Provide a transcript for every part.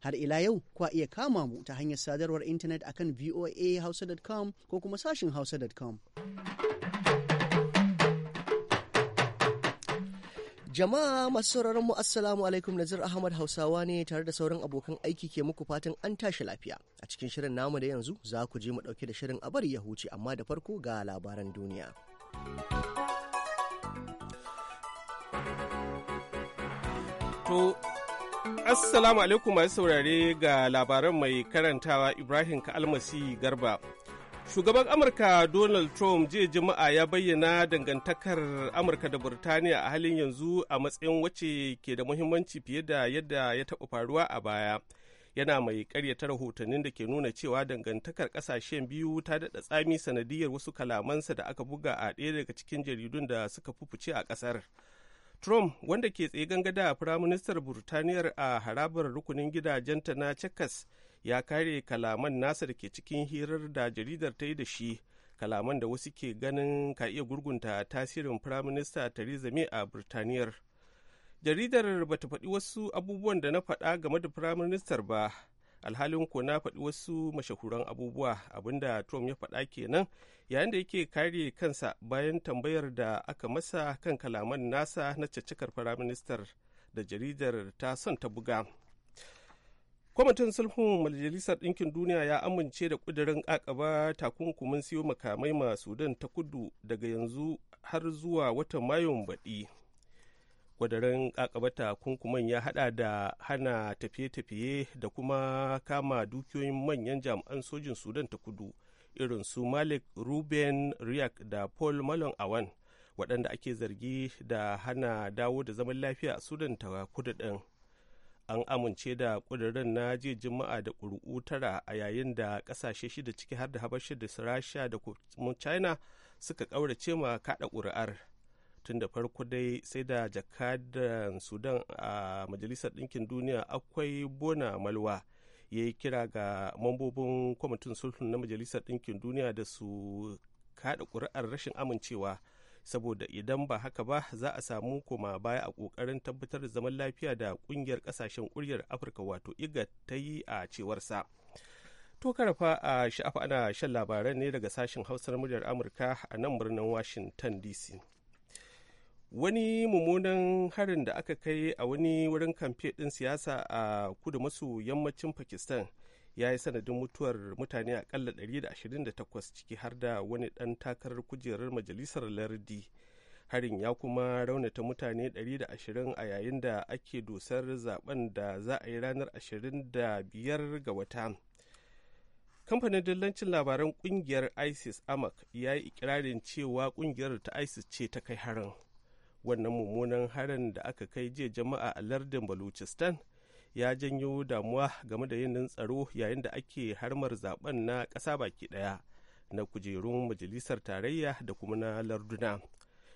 har ila yau kwa iya kama mu ta hanyar sadarwar intanet akan voahausa.com ko kuma sashin hausa.com. Jama'a masu sauraron mu assalamu alaikum Nazir Ahmad Hausawa ne tare da sauran abokan aiki ke muku fatan an tashi lafiya. A cikin shirin namu da yanzu za ku je mu ɗauke da shirin a bari ya huce amma da farko ga labaran duniya. To Assalamu alaikum masu saurare ga labaran mai karantawa Ibrahim Kalmasi Garba. Shugaban Amurka Donald Trump jiya Juma'a ya bayyana dangantakar Amurka da Burtaniya a halin yanzu a matsayin wacce ke da muhimmanci fiye da yadda ya taɓa faruwa a baya. Yana mai karyata rahotannin da ke nuna cewa dangantakar ƙasashen biyu ta daɗa tsami sanadiyar wasu kalamansa da aka buga a ɗaya daga cikin jaridun da suka fufuce a ƙasar. Trump wanda ke tsaye gangada a Firaministar Burtaniyar a harabar rukunin gidajenta na Chekas ya kare kalaman nasa da ke cikin hirar da jaridar ta yi da shi kalaman da wasu ke ganin ka iya gurgunta tasirin Firaminista Theresa May a Burtaniyar. Jaridar bata faɗi wasu abubuwan da na faɗa game da Firaministar ba. alhalin ko na faɗi wasu mashahuran abubuwa abinda trump ya faɗa kenan yayin da yake kare kansa bayan tambayar da aka masa kan kalaman nasa na caccakar firaministar da jaridar ta son ta buga kwamitin sulhun majalisar ɗinkin duniya ya amince da ƙudurin ƙaƙaba takunkumin siyo makamai ma sudan ta kudu daga yanzu har zuwa watan mayun baɗi kwadarin ƙaƙabata kunkuman ya hada da hana tafiye-tafiye da kuma kama dukiyoyin manyan jami'an sojin sudan ta kudu irin su malik ruben riak da paul malon awan waɗanda ake zargi da hana dawo da zaman lafiya a sudan ta kudu ɗin an amince da ƙudurin na jiya juma'a da ƙuri'u tara a yayin da ƙasashe shida ciki har da habasha da rasha da kuma china suka ƙaurace ma kaɗa ƙuri'ar tun da farko dai sai da jakadan sudan a majalisar ɗinkin duniya akwai bona malwa ya yi kira ga mambobin kwamitin sulhun na majalisar ɗinkin duniya da su kaɗa ƙuri'ar rashin amincewa saboda idan ba haka ba za a samu koma baya a ƙoƙarin tabbatar da zaman lafiya da ƙungiyar ƙasashen ƙuryar afirka wato iga ta yi a cewarsa to karafa a sha'afa ana shan labaran ne daga sashen hausar muryar amurka a nan birnin washington dc wani mummunan harin da aka kai a wani wurin kamfe ɗin siyasa a kudu maso yammacin pakistan ya yi sanadin mutuwar mutane akalla 128 ciki har da wani ɗan takarar kujerar majalisar lardi harin ya kuma raunata mutane 120 a yayin da ake dosar zaben da za a yi ranar 25 ga wata kamfanin dillancin labaran kungiyar isis amak ya yi ikirarin cewa kungiyar ta isis ce ta kai harin wannan mummunan harin da aka kai jiya jama'a a lardin baluchistan ya janyo damuwa game da yanayin tsaro yayin da ake harmar zaben na ƙasa baki ɗaya na kujerun majalisar tarayya da kuma na larduna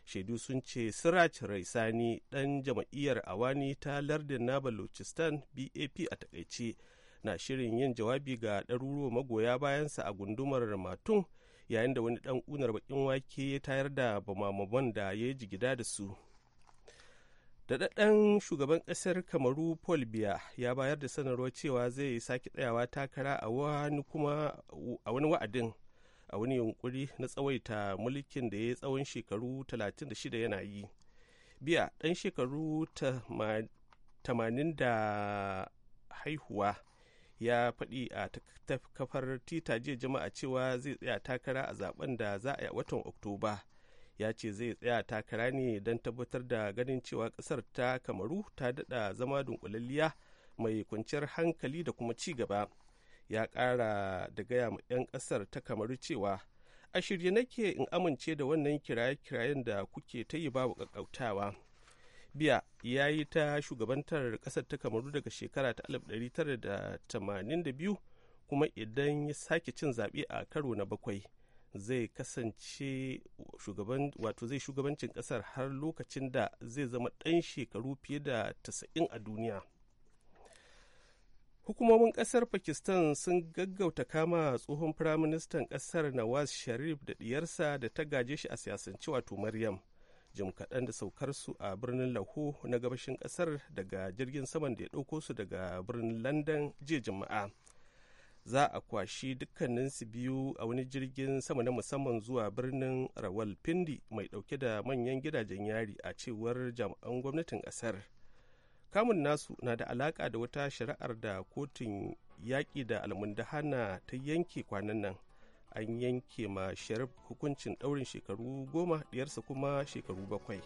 shaidu sun ce siraj raisani ɗan Jama'iyyar awani ta lardin na balochistan bap a takaice na shirin yin jawabi ga ɗaruruwa magoya bayansa a gundumar matun yayin da wani dan unar bakin wake ya tayar da bamamaban da ya yi jigida da su daɗaɗɗen shugaban ƙasar kamaru paul biya ya bayar da sanarwar cewa zai sake tsayawa takara a wani kuma a wani wa'adin a wani yunkuri na tsawaita mulkin da ya yi tsawon shekaru 36 yana yi biya ɗan shekaru 80 da haihuwa ya faɗi a kafar tita jiya jama'a cewa zai tsaya takara a zaben da za a yi watan oktoba ya ce zai tsaya takara ne don tabbatar da ganin cewa ƙasar ta kamaru ta daɗa zama dunkulalliya mai kwanciyar hankali da kuma ci gaba ya ƙara da gaya ma 'yan ƙasar ta kamaru cewa a shirye nake in amince da wannan kiraye-kirayen da kuke ta yi babu ƙaƙƙautawa biya ya yi ta shugabantar kasar ta kamaru daga shekara ta 1982 kuma idan ya sake cin zaɓe a karo na bakwai zai kasance wato zai shugabancin kasar har lokacin da zai zama ɗan shekaru fiye da 90 a duniya hukumomin kasar pakistan sun gaggauta kama tsohon firaministan kasar nawaz sharif da diyarsa da ta gaje shi a siyasance wato maryam jim kaɗan da saukar su a birnin laho na gabashin ƙasar daga jirgin saman da ya ɗauko su daga birnin london jiya juma'a za a kwashi dukkaninsu biyu a wani jirgin sama na musamman zuwa birnin rawalpindi mai ɗauke da manyan gidajen yari a cewar jami'an gwamnatin ƙasar kamun nasu na da alaƙa da wata shari'ar da kotun yaƙi da almundahana ta yanke kwanan nan an yanke ma sharif hukuncin daurin shekaru goma diyarsa kuma shekaru bakwai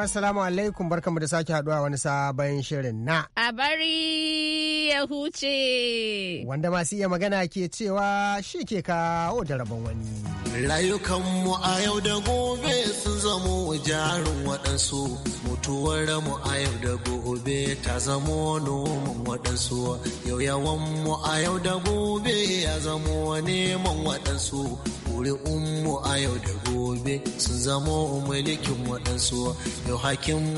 Sauran salamu alaikum barkamu da sake haduwa wani sabon shirin na. A bari ya huce. Wanda masu iya magana ke cewa shi ke kawo da rabon wani. Rayukanmu a yau da gobe sun zamo jarin waɗansu mutuwar mu a yau da gobe ta zamo noman waɗansu yau yawan a yau da gobe ya zamo neman waɗansu Kuri'unmu a yau da gobe sun zamo mulkin waɗansu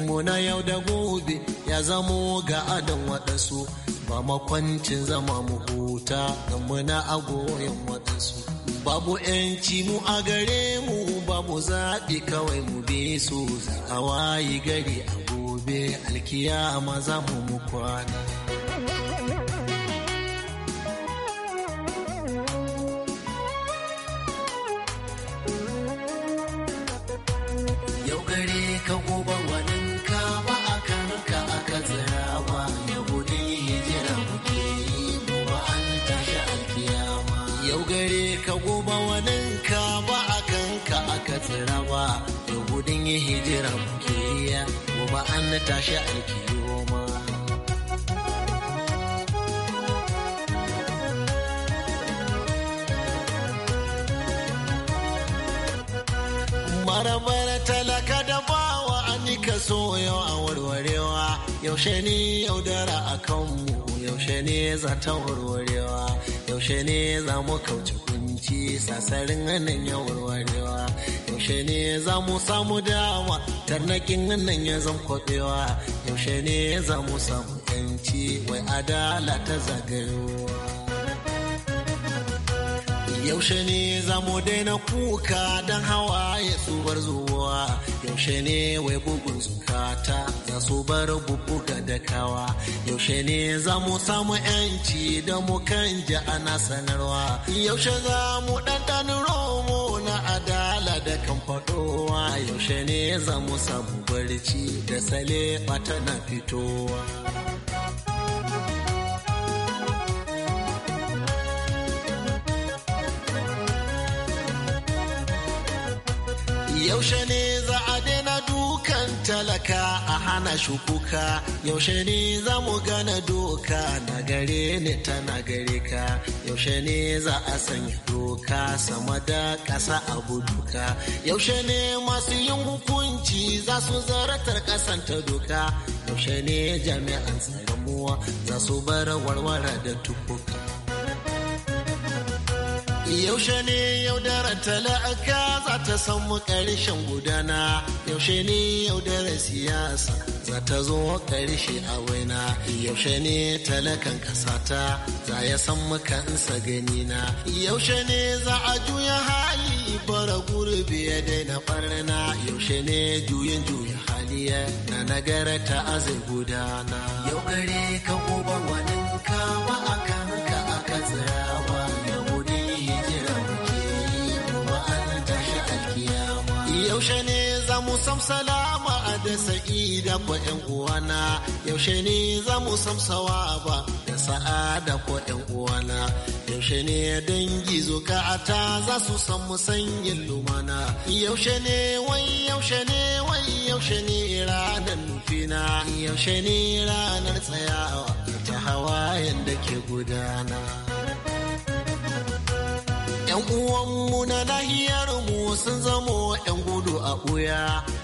mu na yau da gobe ya zamo ga adon waɗansu ba makwancin zama mu huta mu na agoyin waɗansu babu yanci mu a gare mu babu zaɓi kawai mu be su za a wayi gari a gobe alkiyama za mu mu kwana yi hijira muke iya gobe an na tashi alkiyoma marabara talaka da bawa an yi kaso yau a warwarewa yaushe ne yaudara a kanmu yaushe ne za ta warwarewa yaushe ne za mu kauce kunci sasarin hannun ya warwarewa yaushe ne za mu samu dama tarnakin nan ya zan kwabewa yaushe ne za mu samu yanci wai adala ta zagayowa yaushe ne za mu daina kuka don hawa ya tsubar zuwa yaushe ne wai bugun zukata za su bar bubuga da kawa yaushe ne za mu samu yanci da mu kan ji ana sanarwa yaushe za mu ɗanɗanin kan faɗowa yaushe ne za mu samu barci da sale tana fitowa. Yaushe ne za dan talaka a hana shukuka yaushe ne za mu gana doka na gare ni ta na ka yaushe ne za a sanya doka sama da ƙasa a duka yaushe ne masu yin hukunci za su zaratar ƙasan ta doka yaushe ne jami'an tsaramuwa muwa za su bar warware da tukuka Yaushe ne yaudarar talaka za ta samu ƙarshen gudana, yaushe ne yaudarar siyasa za ta zo ƙarshe a waina, yaushe ne talakan ƙasata za ya samu kansa ganina, yaushe ne za a juya hali bara gurbi ya daina ɓarna, yaushe ne juyin juya hali na nagara ta gudana. Yau gare ka uban wani kawa yaushe ne za mu sam salama da sa'ida ko ƴan uwana yaushe ne za mu sam sawaba da sa'ada ko ƴan uwana yaushe ne dangi ta za su san mu sanyin lumana yaushe ne wai yaushe ne wai yaushe ne ranar nufina yaushe ne ranar tsayawa ta hawayen da ke gudana. 'yan uwanmu na nahiyar mu sun zamo 'yan gudu a ɓuya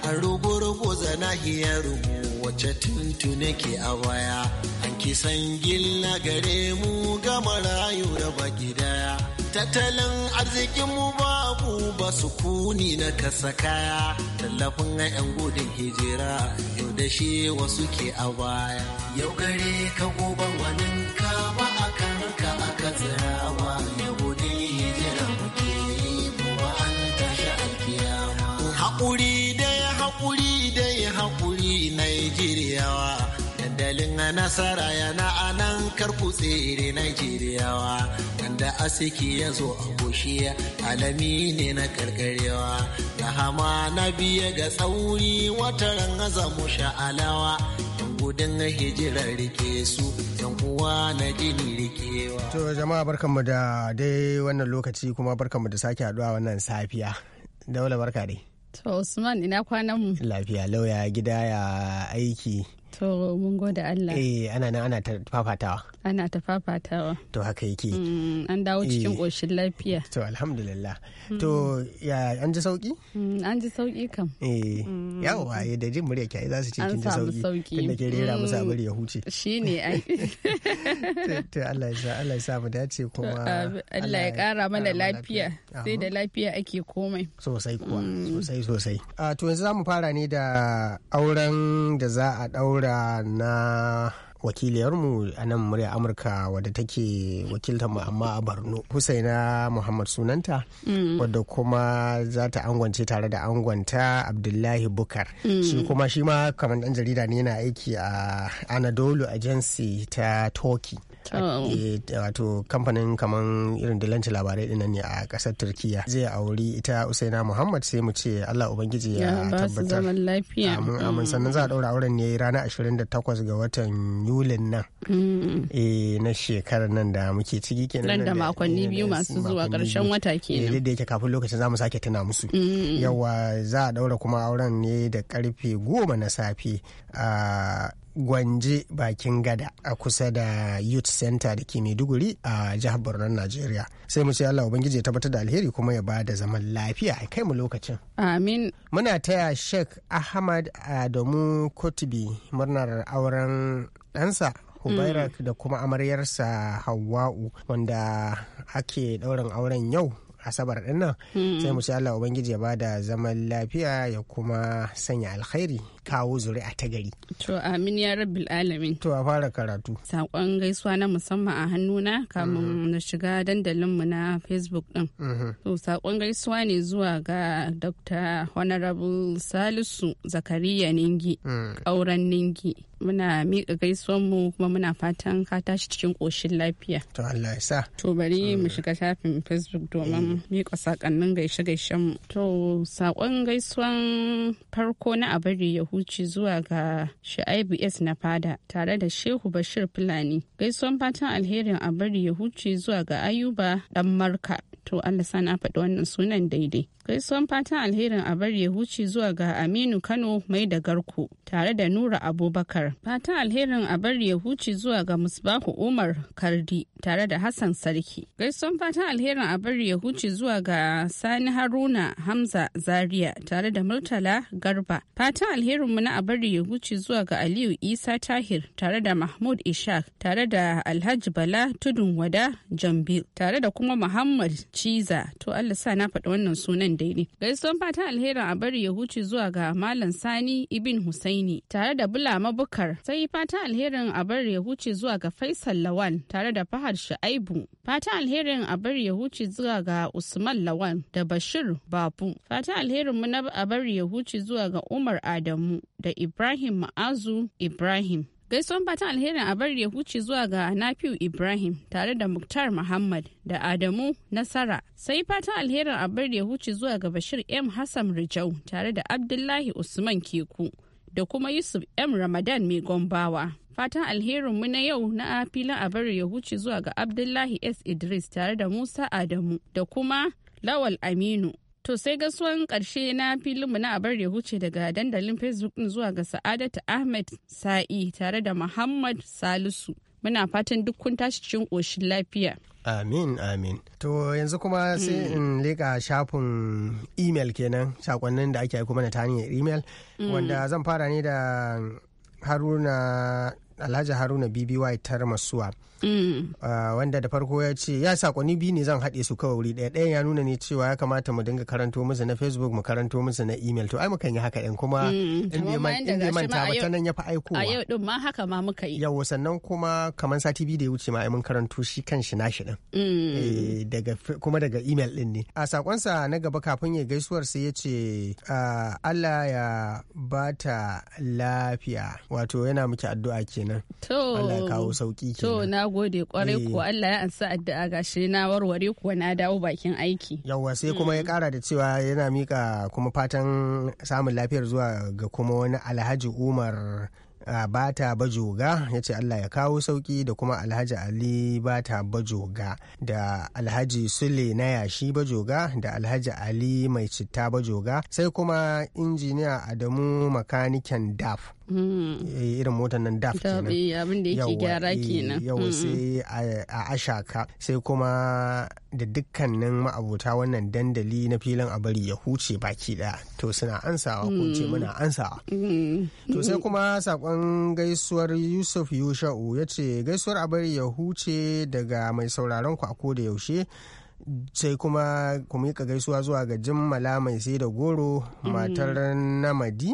an rugu-rugu za nahiyar mu wacce tuntune ke a baya an kisan gilla gare mu ga marayu da baki daya tattalin arzikinmu babu ba kuni na kasa kaya tallafin 'yan gudun hijira yau da shi wasu ke a baya yau gare ka gobe wani da nasara yana anan karku tsere Najeriyawa da asiki ya zo a goshi alami ne na karkarewa hama na biya ga tsauri wataran za mu sha'alawa gudun hijirar rike su yan uwa na jini rikewa. To jama'a barkanmu da dai wannan lokaci kuma barkanmu da sake haduwa wannan safiya. Daula barka dai. To Usman ina kwanan mu. Lafiya lauya gida ya aiki. to mun gode Allah eh ana nan ana ta fafatawa ana ta fafatawa to haka yake mm, an dawo eh. cikin ƙoshin lafiya to alhamdulillah mm. to ya an ji sauki mm, an ji sauki kam eh yawa eh, da jin murya kyai za su ce kin ji sauki tunda ke rera musu bari ya huce Shi ne ai to Allah ya sa Allah ya sa mu dace kuma Allah ya kara mana lafiya sai da lafiya ake komai sosai kuwa sosai sosai ah, to yanzu za mu fara ne da auren da za a daura kira na wakiliyarmu a nan murya amurka wadda take wakiltar mu amma a borno husaina muhammad sunanta mm. wadda kuma za ta angwance tare da angwanta abdullahi bukar mm. shi kuma shi ma kamar dan jarida ne yana aiki a anadolu agency ta turkey Oh. Eh, wato kamfanin kaman irin dilanci labarai dinnan ne a kasar turkiya zai auri ita usaina muhammad sai mu ce allah ubangiji ya tabbatar amin amin mm. sannan za a daura auren ne ranar 28 ga watan yulin nan mm. eh, na shekarar nan da muke ciki kenan nan da makonni biyu masu zuwa karshen wata eh, ke nan da yake kafin lokacin za mu sake tuna musu mm. yawa za a daura kuma auren ne da karfe goma na safe a gwanje bakin gada a kusa da youth center da ke maiduguri a jihar borno najeriya sai mu ce allah ubangiji ya tabbatar da alheri kuma ya ba da zaman lafiya a kai mu lokacin amin muna taya sheikh ahmad adamu kotibi murnar auren ɗansa hubairak mm. da kuma amaryarsa hawa'u wanda ake ɗaurin auren yau asabar dinnan. sai mu ce Allah ubangiji ya ba da zaman lafiya ya kuma sanya alkhairi kawo zuri a tagari. To amin ya rabbil alamin. To a fara karatu. Sakon gaisuwa na musamman a hannuna kamun mhm. na shiga dandalinmu na Facebook din. Mhm. To sakon gaisuwa ne zuwa ga Dr. Honorable Salisu Zakariya Ningi, mm. auren Ningi. Muna miƙa gaisuwan mu kuma muna fatan ka tashi cikin ƙoshin lafiya. To Allah ya sa. To bari mu mm. shiga shafin Facebook domin mm. miƙa sakannin gaishe gaishen mu. To saƙon gaisuwan farko na a ya Yahudu. Bauchi zuwa ga Shu'aibu S na fada tare da Shehu Bashir Fulani. Gaisuwan fatan alherin a bari ya huce zuwa ga Ayuba dan Marka. To Allah sana faɗi wannan sunan daidai. Gaisuwan fatan alherin a bar huce zuwa ga Aminu Kano mai da garku tare da Nura Abubakar. Fatan alherin a bar huce zuwa ga Musbahu Umar Kardi tare da Hassan Sarki. Gaisuwan fatan alherin a bar huce zuwa ga Sani Haruna Hamza Zaria tare da Murtala Garba. Fatan alherin mu na a bar huce zuwa ga Aliyu Isa Tahir tare da Mahmud Ishaq tare da Alhaji Bala Tudun Wada Jambil tare da kuma Muhammad Ciza To Allah sa na faɗi wannan sunan daidai. Gaisuwan fatan alherin a bari ya huce zuwa ga Malam Sani Ibn Husaini tare da Bula Mabukar sai fata alherin a bari ya huce zuwa ga Faisal Lawan tare da Fahad Shu'aibu. fata alherin a bari ya huce zuwa ga Usman Lawan da Bashir Babu. fata alherin mu na a bari ya huce zuwa ga Umar Adamu da Ibrahim Ma'azu Ibrahim. Gaisuwan batan alherin a bari ya huce zuwa ga Nafiu Ibrahim tare da Muktar Muhammad da Adamu Nasara. Sai fatan alherin a bari ya huce zuwa ga Bashir M. Hassan Rijau tare da Abdullahi Usman Keku da kuma Yusuf M. Ramadan mai gombawa. Fatan alherin mu na yau na filin a bari ya huce zuwa ga Abdullahi S. Idris tare da Musa Adamu da kuma Lawal Aminu To sai gaisuwan ƙarshe na filinmu na abar ya huce daga dandalin Facebook zuwa ga Sa'adatu Ahmed Sa'i tare da Muhammad Salisu. Muna fatan duk kun tashi cikin ƙoshin lafiya. Amin, amin. To yanzu kuma sai mm. in leƙa shafin email kenan, sakonnin da ake aiko mana ta hanyar email, mm. wanda zan fara ne da Haruna Alhaji Haruna BBY Tarmasuwa. masuwa. Mm. Ah, wanda da farko ya ce ya sakonni biyu ne zan haɗe su kawai wuri ɗaya ɗayan ya nuna ne cewa ya kamata mu dinga karanto musu na facebook mu karanto musu na email to ai mukan yi haka ɗin kuma mm. in bai manta ba ta nan ya fi aiko a yau ɗin ma haka ma muka yi yawo sannan kuma kamar sati biyu da ya wuce ma ai mun karanto shi kan shi nashi ɗin mm. eh, daga kuma daga email ɗin ne a sakonsa na gaba kafin ya gaisuwar sai ya ce ah, Allah ya ba ta lafiya wato yana miki addu'a kenan Allah ya kawo sauki kenan gode kwarai eh. ko Allah ya ansa addu'a gashi na warware kuwa na dawo bakin aiki. Yawwa sai kuma ya mm. kara da cewa yana mika kuma fatan samun lafiyar zuwa ga kuma wani Alhaji Umar bata bajoga ya ce Allah ya kawo sauki da kuma alhaji Ali bata bajoga da alhaji Sule na yashi bajoga da alhaji Ali mai citta bajoga sai kuma injiniya Adamu makaniken daf Eh, irin motar nan daf kenan eh, abin eh, sai a ashaka sai kuma da dukkanin ma'abuta wannan dandali na filin a bari ya huce baki daya to suna ansawa ko ce mm. muna ansawa mm. to sai kuma sakon gaisuwar yusuf yusha'u ya ce gaisuwar a bari ya huce daga mai sauraron ku a ko da yaushe sai kuma ku miƙa gaisuwa zuwa ga jimmala mai sai da goro mm. matar namadi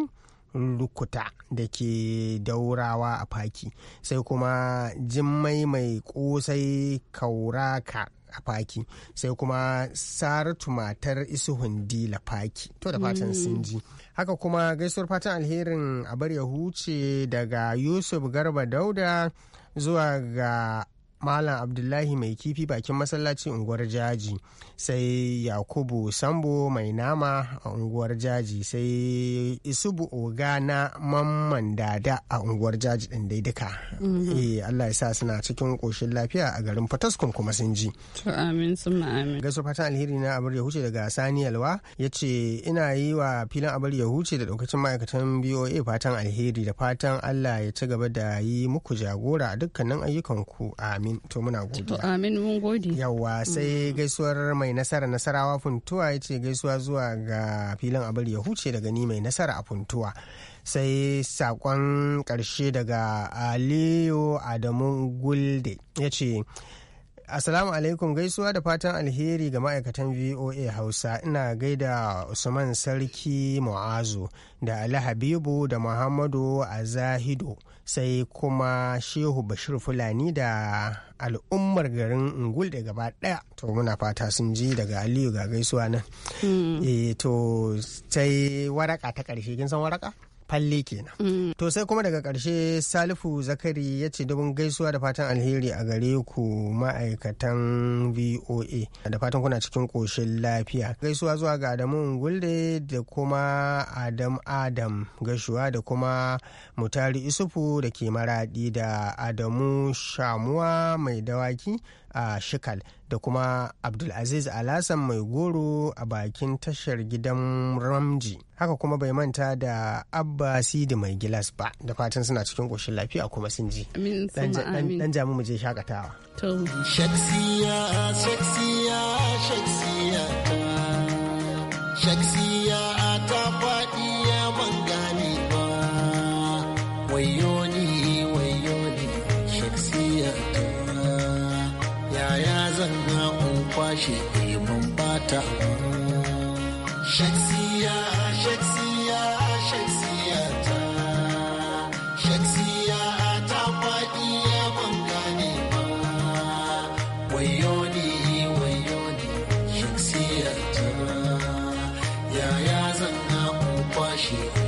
rukuta da ke daurawa a faki sai kuma jimmai mai kosai kauraka a faki sai kuma saratu matar isuhun dila faki to da fatan mm. sun ji haka kuma gaisuwar fatan alherin a bar ya huce daga yusuf garba dauda zuwa ga malam abdullahi mai kifi bakin masallaci unguwar jaji sai yakubu sambo mai nama a unguwar jaji sai isubu oga na mamman dada a unguwar jaji din dai duka mhm. eh allah ya sa suna cikin koshin lafiya a garin fataskun kuma sun ji to amin sun amin gaso fatan alheri na abar ya daga sani alwa ya ce ina yi wa filin abar ya huce da daukacin ma'aikatan boa fatan alheri da fatan allah ya ci gaba da yi muku jagora a dukkanin ayyukanku amin to muna godiya amin mun gode yawa mm. sai gaisuwar mai nasara nasarawa funtuwa ya ce gaisuwa zuwa ga filin abar ya huce daga ni mai nasara a funtuwa sai sakon karshe daga aliyu adamu gulde ya ce asalamu alaikum gaisuwa da fatan alheri ga ma'aikatan VOA Hausa ina gaida Usman Sarki Mu'azu da Ali Habibu da Muhammadu Azahido sai kuma Shehu Bashir Fulani da al'ummar garin Ungul da gaba daya to muna fata sun ji daga Aliyu ga gaisuwa nan. E to sai waraka ta ƙarshe kin san waraka? falle kenan. To sai kuma daga ƙarshe Salifu Zakari ya ce dubin gaisuwa da fatan alheri a gare ku ma'aikatan VOA da fatan kuna cikin ƙoshin lafiya. Gaisuwa zuwa ga Adamu Gulde da kuma Adam Adam gashuwa da kuma Mutari Isufu da ke maraɗi da Adamu Shamuwa mai dawaki a shikal da kuma abdulaziz alasan mai goro a bakin tashar gidan ramji haka kuma bai manta da abba sidi mai gilas ba da fatan suna cikin ƙoshin lafiya kuma sun ji dan jami mu je shakatawa shaksiya shaksiya tashi mun bata shaksiya shaksiya shaksiya ta shaksiya ta faɗi ya ban gane ba wayo ne wayo ne shaksiya ta yaya zan na kwashe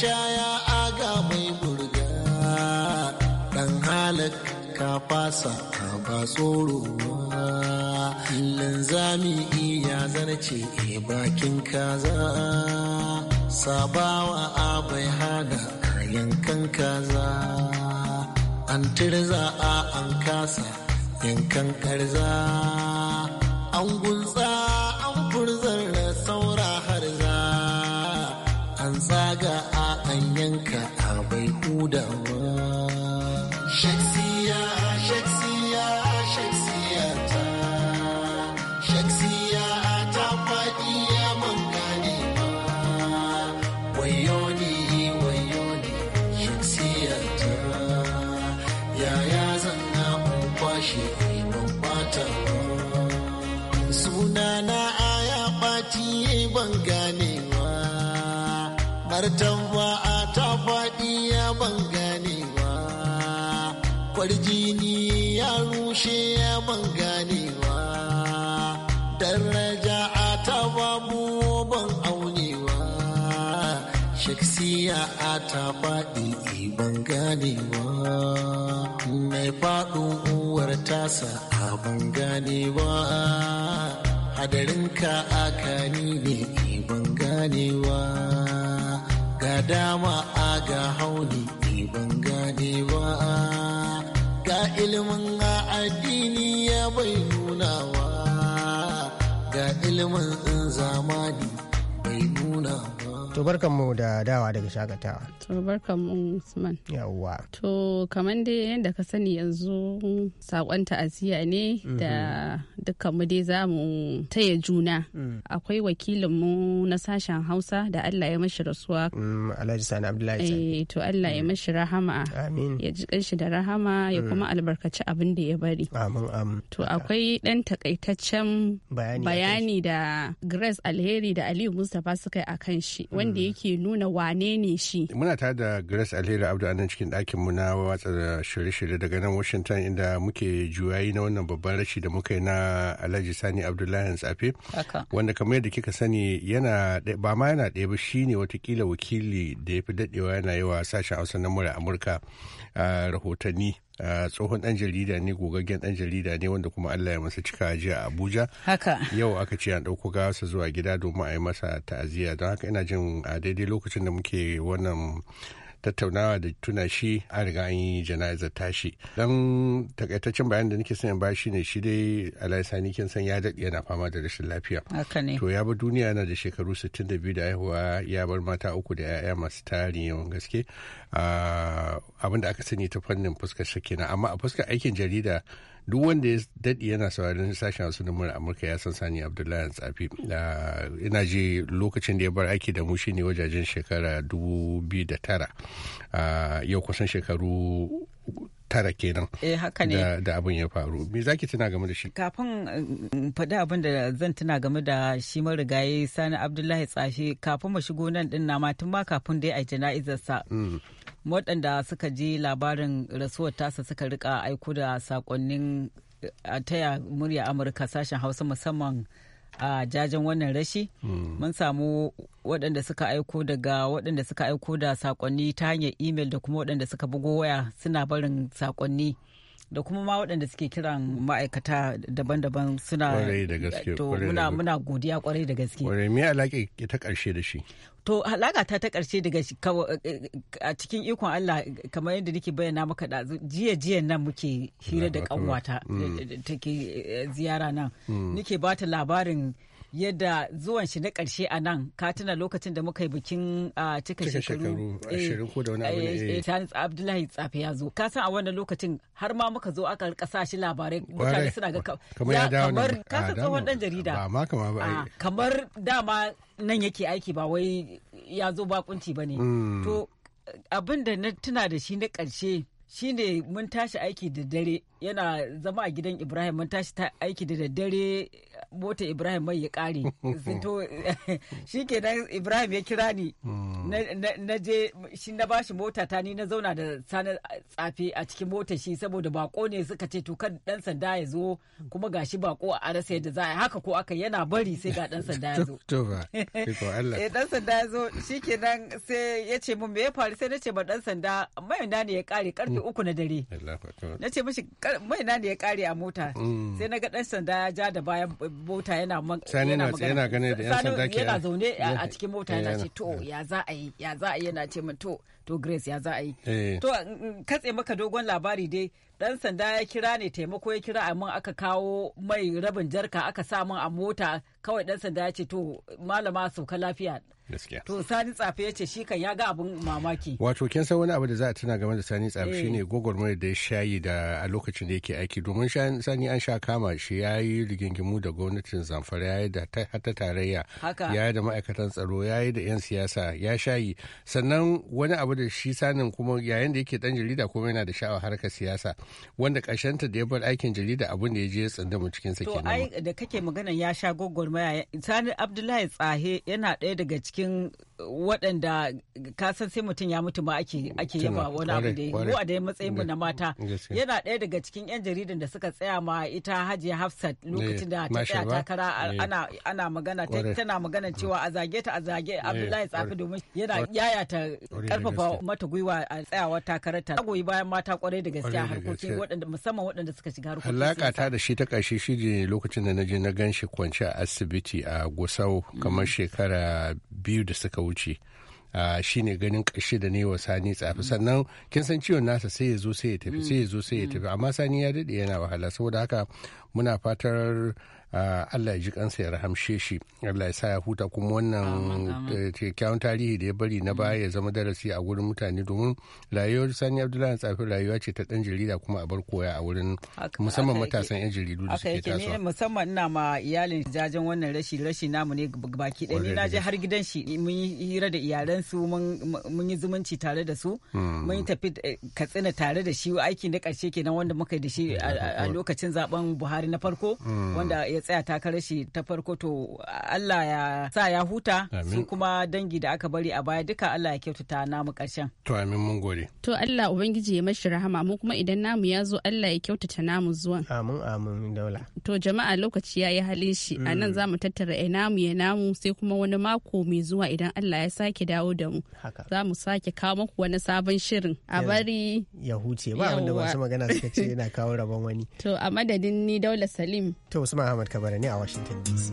shaya aga mai burga ɗan halak ka fasa ka ba tsoro linzami iya zarce e bakin kaza sabawa abai hada yankan kaza an tirza a an kasa yankan karza an gunsa hudawa shaksiya shaksiya shaksiya ta shaksiya ta faɗi ya man gane wayo ni wayo ni ta yaya zan na kwashe ban bata sunana aya ɓaci ban gane ma martaba na ganewa kwarjini ya rushe ya ban ganewa daraja a ta babu ban aunewa shaksiya a ta faɗi ban ganewa mai faɗin uwar tasa a ban ganewa hadarinka a kani ne ban ganewa. ga dama a ga hauni ni ban gane ba ga ilimin a addini ya bai nunawa ga ilimin zamani bai nuna To mu da dawa daga shakatawa. To mu Usman. Yawwa. To kamar dai yadda ka sani yanzu sakon ta'aziyya ne mhm. da mu dai za mu taya juna. Mm. Akwai wakilinmu na sashen Hausa da Allah ya mashi rasuwa. Mm, Alhaji Sani Abdullahi. Eh to Allah ya mm. mashi rahama. Amin. Ya ji kanshi da rahama ya kuma albarkaci abin da ya bari. Amin amin. To akwai dan takaitaccen bayani da Grace Alheri da Aliyu Mustapha suka yi kan shi. wanda hmm. yake nuna wane ne shi. Muna tare da Grace Alheri Abdu anan cikin ɗakin mu na watsa shirye-shirye daga nan Washington inda muke juyayi na wannan babban rashi da muka yi na Alhaji Sani Abdullahi Tsafe. Wanda kamar yadda kika sani yana ba ma yana ɗaya ba shi ne watakila wakili da ya fi daɗewa yana yi wa sashen Hausa na mura Amurka rahotanni. tsohon dan jarida ne gogaggen dan jarida ne wanda kuma Allah ya masa cika jiya a Abuja. Haka. Yau aka ce an ɗauko gawarsa zuwa gida domin a yi masa ta'aziyya don haka ina jin a daidai lokacin da muke wannan tattaunawa da tuna shi a riga an yi jana'izar tashi dan takaitaccen bayan da nake sanya ba shi ne shi dai alaisani kin san ya daɗe yana fama da rashin lafiya to ya bar duniya yana da shekaru 62 da haihuwa ya bar mata uku da 'ya'ya masu tarin yawan gaske ah, abin da aka sani ta fannin fuskar shakina amma a fuskar aikin jarida duk wanda ya daɗi yana saurarin sashen wasu numar amurka ya san sani abdullahi tsafi ah, ina ji lokacin da ya bar aiki da mu ne wajajen shekara 2009 ah, yau kusan shekaru tara kenan eh, da abin ya faru me za ki tuna game da shi kafin eh, faɗi abin da zan tuna game da shi marigayi sani abdullahi tsafi kafin mu shigo nan din na tun ba kafin dai a jana'izarsa mm. waɗanda suka ji labarin rasuwar tasa suka rika aiko da sakonnin eh, a taya murya amurka sashen hausa musamman a jajen wannan rashi hmm. mun samu waɗanda suka aiko daga waɗanda suka aiko da sakonni ta hanyar imel da kuma waɗanda suka bugo waya suna barin sakonni da kuma ma waɗanda suke kiran ma'aikata daban-daban suna muna muna godiya kwarai da gaske kwarai me alaƙa ta ƙarshe da shi to alaƙa ta ta ƙarshe daga a cikin ikon Allah kamar yadda nake bayyana maka da jiya jiya nan muke hira da kanwata mm. take eh, ziyara nan mm. nake ba ta labarin yadda zuwan shi na ƙarshe a nan ka tuna lokacin da muka yi bikin cika shekaru ashirin ko da wani abu eh, eh. abdullahi tsafe ya zo ka san a wannan lokacin har ma muka zo aka rika shi labarai mutane suna ga kamar ka san tsohon dan jarida eh. kamar dama nan yake aiki ba wai ya zo bakunci ba ne mm. to abin da na tuna da shi na ƙarshe shine mun tashi aiki da dare yana zama a gidan ibrahim mun tashi ta aiki da dare mota ibrahim mai ya kare to shi nan ibrahim ya kira ni hmm. na je shi na bashi mota ta ni na zauna da sana tsafe a cikin mota shi saboda bako ne suka ce to kan dan sanda ya zo kuma gashi bako a arasa yadda za a haka ko aka yana bari sai ga dan eh, sanda ya zo to ba ko Allah eh dan sanda ya zo shikenan sai ya ce mun me ya faru sai na ce ba dan sanda mai ne ya kare karfe uku na dare na ce mashi mai na ne ya kare a mota mm. sai na ga dan sanda ya ja da bayan mota yana magana yana gane da sanda ke yana zaune a cikin mota yana ce to ya za a yi ya za a yi yana ce min to to grace ya za a yi eh. to katse maka dogon labari dai dan sanda ya kira ne taimako ya kira amma aka kawo mai rabin jarka aka sa min a mota kawai dan sanda ya ce to malama sauka lafiya to sani tsafe ya ce shi kan ya ga abin mamaki wato kin san wani abu da za a tuna game da sani tsafe eh. shine gwagwarmayar da ya shayi da a lokacin da yake aiki domin sani an sha kama shi ya yi rigingimu da gwamnatin zamfara ya yi da hata tarayya ya yi da ma'aikatan tsaro ya yi da 'yan siyasa ya shayi sannan wani abu da shi sanin kuma yayin da yake dan jarida kuma yana da sha'awar harkar siyasa wanda ta da ya bar aikin jarida abin da ya je ya tsinda mu cikin sa kenan to ai da kake magana ya sha gwagwarmaya sani abdullahi tsahe yana ɗaya daga cikin cikin waɗanda kasan sai mutum ya mutu ma ake yaba wani abu da yi a dai matsayin na mata yana ɗaya daga cikin 'yan jaridan da suka tsaya ma ita Hajji hafsat lokacin da ta tsaya takara ana magana tana magana cewa a zage ta a zage abdullahi tsafi domin yana yaya ta karfafa mata gwiwa a tsayawar takarar ta goyi bayan mata kwarai da gaskiya harkokin waɗanda musamman waɗanda suka shiga harkokin alaƙa ta da shi ta ƙarshe shi lokacin da na je na gan shi kwance a asibiti a gusau mm. kamar shekara biyu da suka wuce shi ne ganin ƙashi da ne wa sani tsafi sannan kin san ciwon nasa sai ya zo sai ya tafi sai ya zo sai ya tafi amma sani ya daɗe yana wahala saboda haka muna fatar Allah ya ji kansa ya rahamshe shi Allah ya sa ya huta kuma wannan eh, kyakkyawan tarihi da ya bari na baya ya zama darasi a wurin mutane domin rayuwar Sani Abdullahi tsafin rayuwa ce ta dan jarida kuma a bar koya a wurin musamman matasan yan jaridu da suke ne musamman ina ma iyalin jajen wannan rashi rashi namu ne baki ɗaya ni na je har gidan shi mun yi hira da iyalansu mun yi zumunci tare da su hmm. mun tafi eh, katsina tare da shi aiki na ƙarshe kenan wanda muka yi da shi a hmm. lokacin zaben Buhari na farko hmm. wanda tsaya takarar shi ta farko to Allah ya sa ya huta su kuma dangi da aka bari a baya duka Allah ya kyautata namu karshen. To amin mun gode. To Allah ubangiji ya mashi rahama mu kuma idan namu ya zo Allah ya kyautata namu zuwan. Amin amin daula. To jama'a lokaci ya yi halin shi a nan mm. za mu tattara ya eh, namu ya namu sai kuma wani mako mai zuwa idan Allah ya sake dawo da mu. Za mu sake kawo muku wani sabon shirin a bari. Ya huce ba wanda masu magana suka ce yana kawo rabon wani. To a madadin ni daula Salim. To Usman Ahmad Kabara ne a Washington DC.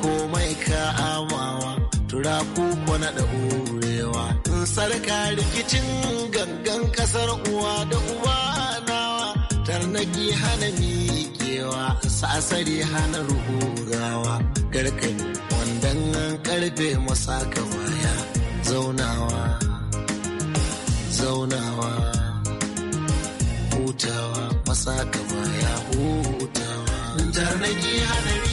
komai ka amawa tura kuko na da urewa in sarka rikicin gangan kasar uwa da uba nawa tarnaki hana miƙewa sasari hana ruhugawa garkami wandan karfe masaka waya zaunawa zaunawa hutawa masaka waya hutawa tarnaki hana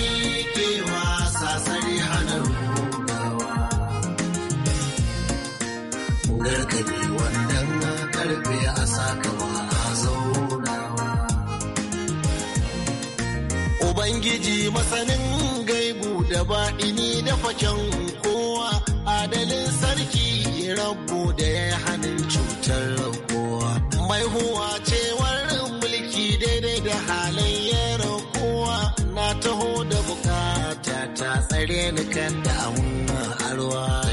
masanin gaibu da baɗini da facen kowa adalin sarki rabu da ya hannun cutar kowa mai huwa cewar mulki daidai da halin halayyar kowa na taho da bukata ta tsare ni kan damun arwa